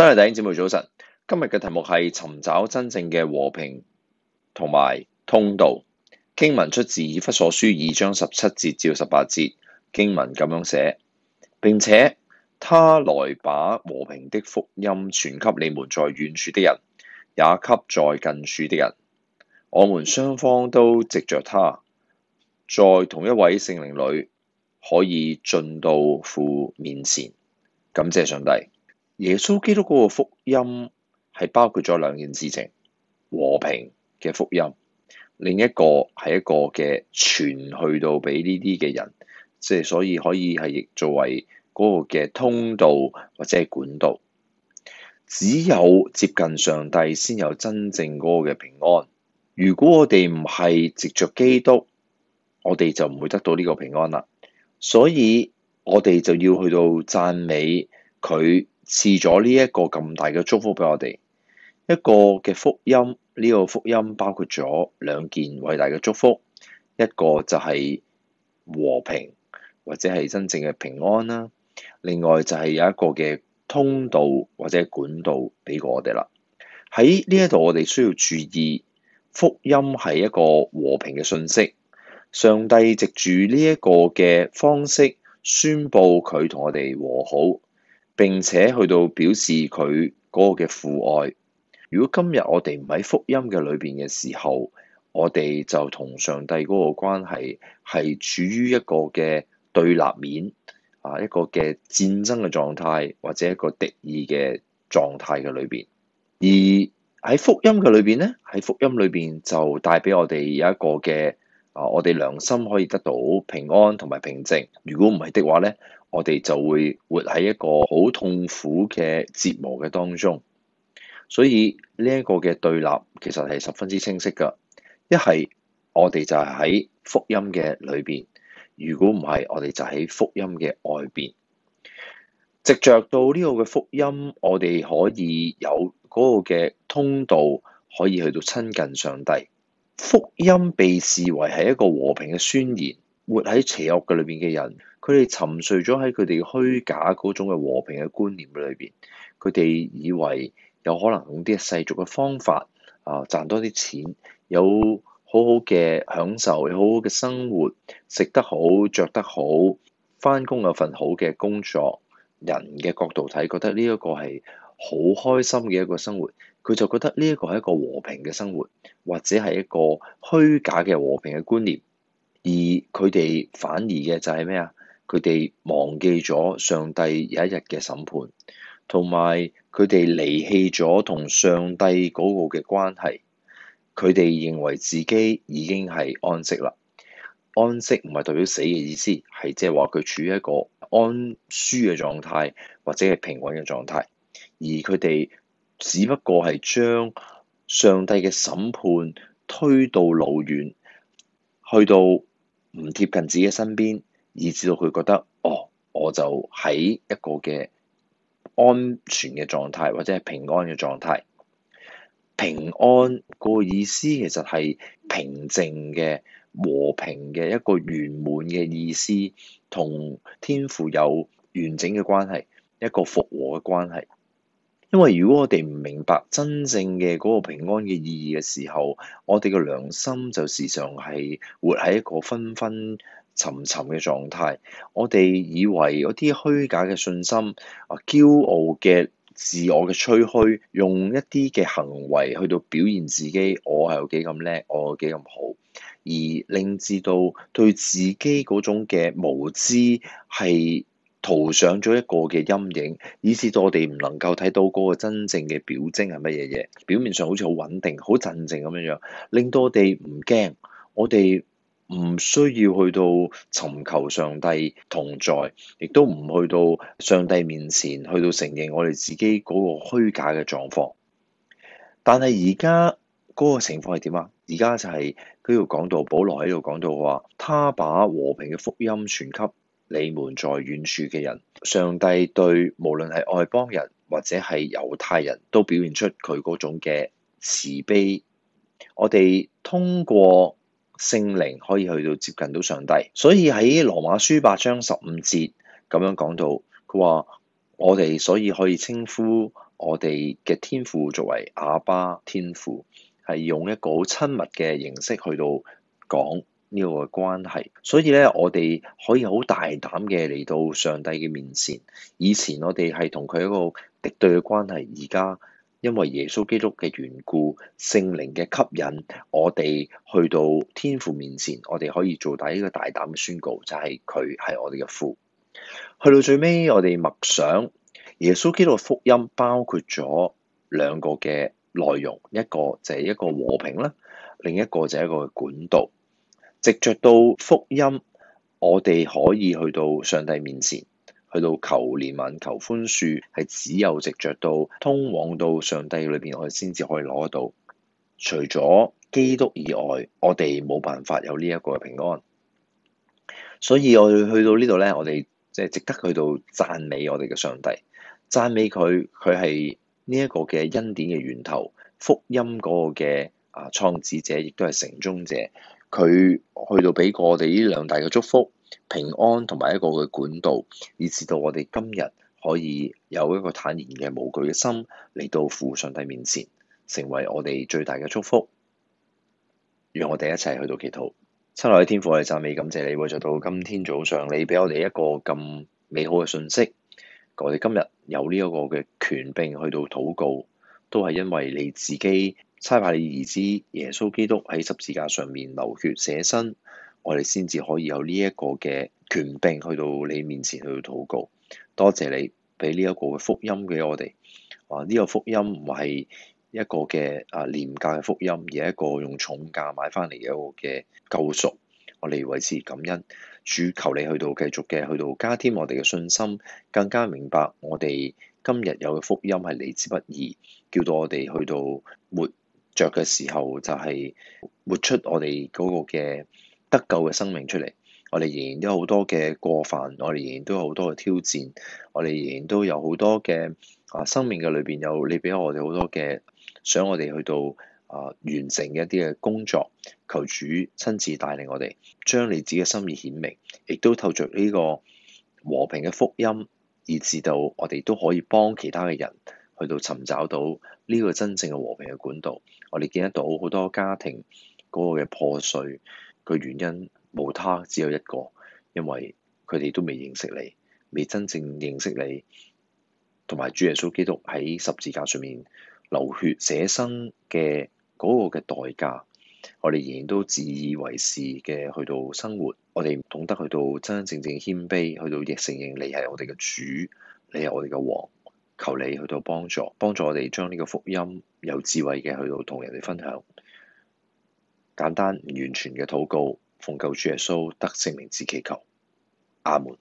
真係弟兄姐妹早晨，今日嘅題目係尋找真正嘅和平同埋通道。經文出自《以弗所書》二章十七節至十八節，經文咁樣寫，並且他來把和平的福音傳給你們在遠處的人，也給在近處的人。我們雙方都藉着他，在同一位聖靈裏可以進到父面前。感謝上帝。耶穌基督嗰個福音係包括咗兩件事情，和平嘅福音，另一個係一個嘅傳去到俾呢啲嘅人，即係所以可以係亦作為嗰個嘅通道或者係管道。只有接近上帝先有真正嗰個嘅平安。如果我哋唔係藉著基督，我哋就唔會得到呢個平安啦。所以我哋就要去到讚美佢。賜咗呢一個咁大嘅祝福俾我哋，一個嘅福音，呢個福音包括咗兩件偉大嘅祝福，一個就係和平或者係真正嘅平安啦。另外就係有一個嘅通道或者管道俾過我哋啦。喺呢一度我哋需要注意，福音係一個和平嘅信息，上帝藉住呢一個嘅方式宣布佢同我哋和好，並且去到表示佢嗰個嘅父愛。如果今日我哋唔喺福音嘅裏邊嘅時候，我哋就同上帝嗰個關係係處於一個嘅對立面，啊，一個嘅戰爭嘅狀態，或者一個敵意嘅狀態嘅裏邊。而喺福音嘅裏邊呢，喺福音裏邊就帶俾我哋有一個嘅啊，我哋良心可以得到平安同埋平靜。如果唔係的話呢，我哋就會活喺一個好痛苦嘅折磨嘅當中，所以呢一個嘅對立其實係十分之清晰噶。一係我哋就喺福音嘅裏邊，如果唔係，我哋就喺福音嘅外邊。直着到呢個嘅福音，我哋可以有嗰個嘅通道，可以去到親近上帝。福音被視為係一個和平嘅宣言。活喺邪惡嘅裏邊嘅人，佢哋沉睡咗喺佢哋虛假嗰種嘅和平嘅觀念裏邊，佢哋以為有可能用啲世俗嘅方法啊，賺多啲錢，有好好嘅享受，有好好嘅生活，食得好着得好，返工有份好嘅工作，人嘅角度睇，覺得呢一個係好開心嘅一個生活，佢就覺得呢一個係一個和平嘅生活，或者係一個虛假嘅和平嘅觀念。而佢哋反而嘅就係咩啊？佢哋忘記咗上帝有一日嘅審判，同埋佢哋離棄咗同上帝嗰個嘅關係。佢哋認為自己已經係安息啦。安息唔係代表死嘅意思，係即係話佢處於一個安舒嘅狀態，或者係平穩嘅狀態。而佢哋只不過係將上帝嘅審判推到老遠，去到。唔貼近自己身邊，以至到佢覺得，哦，我就喺一個嘅安全嘅狀態，或者係平安嘅狀態。平安個意思其實係平靜嘅、和平嘅、一個圓滿嘅意思，同天父有完整嘅關係，一個復和嘅關係。因為如果我哋唔明白真正嘅嗰個平安嘅意義嘅時候，我哋嘅良心就時常係活喺一個昏昏沉沉嘅狀態。我哋以為一啲虛假嘅信心、啊驕傲嘅自我嘅吹噓，用一啲嘅行為去到表現自己，我係有幾咁叻，我有幾咁好，而令至到對自己嗰種嘅無知係。塗上咗一個嘅陰影，以至到我哋唔能夠睇到嗰個真正嘅表徵係乜嘢嘢。表面上好似好穩定、好鎮靜咁樣樣，令到我哋唔驚，我哋唔需要去到尋求上帝同在，亦都唔去到上帝面前去到承認我哋自己嗰個虛假嘅狀況。但係而家嗰個情況係點啊？而家就係佢喺度講到，保羅喺度講到話，他把和平嘅福音傳給，你們在遠處嘅人，上帝對無論係外邦人或者係猶太人都表現出佢嗰種嘅慈悲。我哋通過聖靈可以去到接近到上帝，所以喺羅馬書八章十五節咁樣講到，佢話我哋所以可以稱呼我哋嘅天父作為阿爸天父，係用一個好親密嘅形式去到講。呢個關係，所以咧，我哋可以好大膽嘅嚟到上帝嘅面前。以前我哋係同佢一個敵對嘅關係，而家因為耶穌基督嘅緣故、聖靈嘅吸引，我哋去到天父面前，我哋可以做第一個大膽嘅宣告，就係佢係我哋嘅父。去到最尾，我哋默想耶穌基督嘅福音，包括咗兩個嘅內容，一個就係一個和平啦，另一個就係一個管道。藉著到福音，我哋可以去到上帝面前，去到求憐憫、求寬恕，係只有藉著到通往到上帝裏邊，我哋先至可以攞得到。除咗基督以外，我哋冇辦法有呢一個嘅平安。所以我哋去到呢度咧，我哋即係值得去到讚美我哋嘅上帝，讚美佢，佢係呢一個嘅恩典嘅源頭，福音嗰個嘅啊創始者，亦都係成終者。佢去到俾過我哋呢兩大嘅祝福，平安同埋一個嘅管道，以致到我哋今日可以有一個坦然嘅無懼嘅心嚟到父上帝面前，成為我哋最大嘅祝福。讓我哋一齊去到祈禱。親愛嘅天父，我哋讚美感謝你，為著到今天早上，你俾我哋一個咁美好嘅信息。我哋今日有呢一個嘅權柄去到禱告，都係因為你自己。差派你兒子耶穌基督喺十字架上面流血，捨身，我哋先至可以有呢一個嘅權柄去到你面前去禱告。多謝你俾呢一個嘅福音俾我哋。啊，呢個福音唔係一個嘅啊廉價嘅福音，而係一個用重價買翻嚟嘅一個嘅救贖。我哋為此感恩。主，求你去到繼續嘅去到加添我哋嘅信心，更加明白我哋今日有嘅福音係嚟之不易，叫到我哋去到沒着嘅時候就係活出我哋嗰個嘅得救嘅生命出嚟，我哋仍然都有好多嘅過犯，我哋仍然都有好多嘅挑戰，我哋仍然都有好多嘅啊生命嘅裏邊有你俾我哋好多嘅想我哋去到啊、呃、完成嘅一啲嘅工作，求主親自帶領我哋將你自己嘅心意顯明，亦都透着呢個和平嘅福音以至到我哋都可以幫其他嘅人。去到尋找到呢個真正嘅和平嘅管道，我哋見得到好多家庭嗰個嘅破碎嘅原因，無他，只有一個，因為佢哋都未認識你，未真正認識你，同埋主耶穌基督喺十字架上面流血捨身嘅嗰個嘅代價，我哋仍然都自以為是嘅去到生活，我哋唔懂得去到真真正正謙卑，去到亦承認你係我哋嘅主，你係我哋嘅王。求你去到幫助，幫助我哋將呢個福音有智慧嘅去到同人哋分享。簡單唔完全嘅禱告，奉救主耶穌得聖靈之祈求。阿門。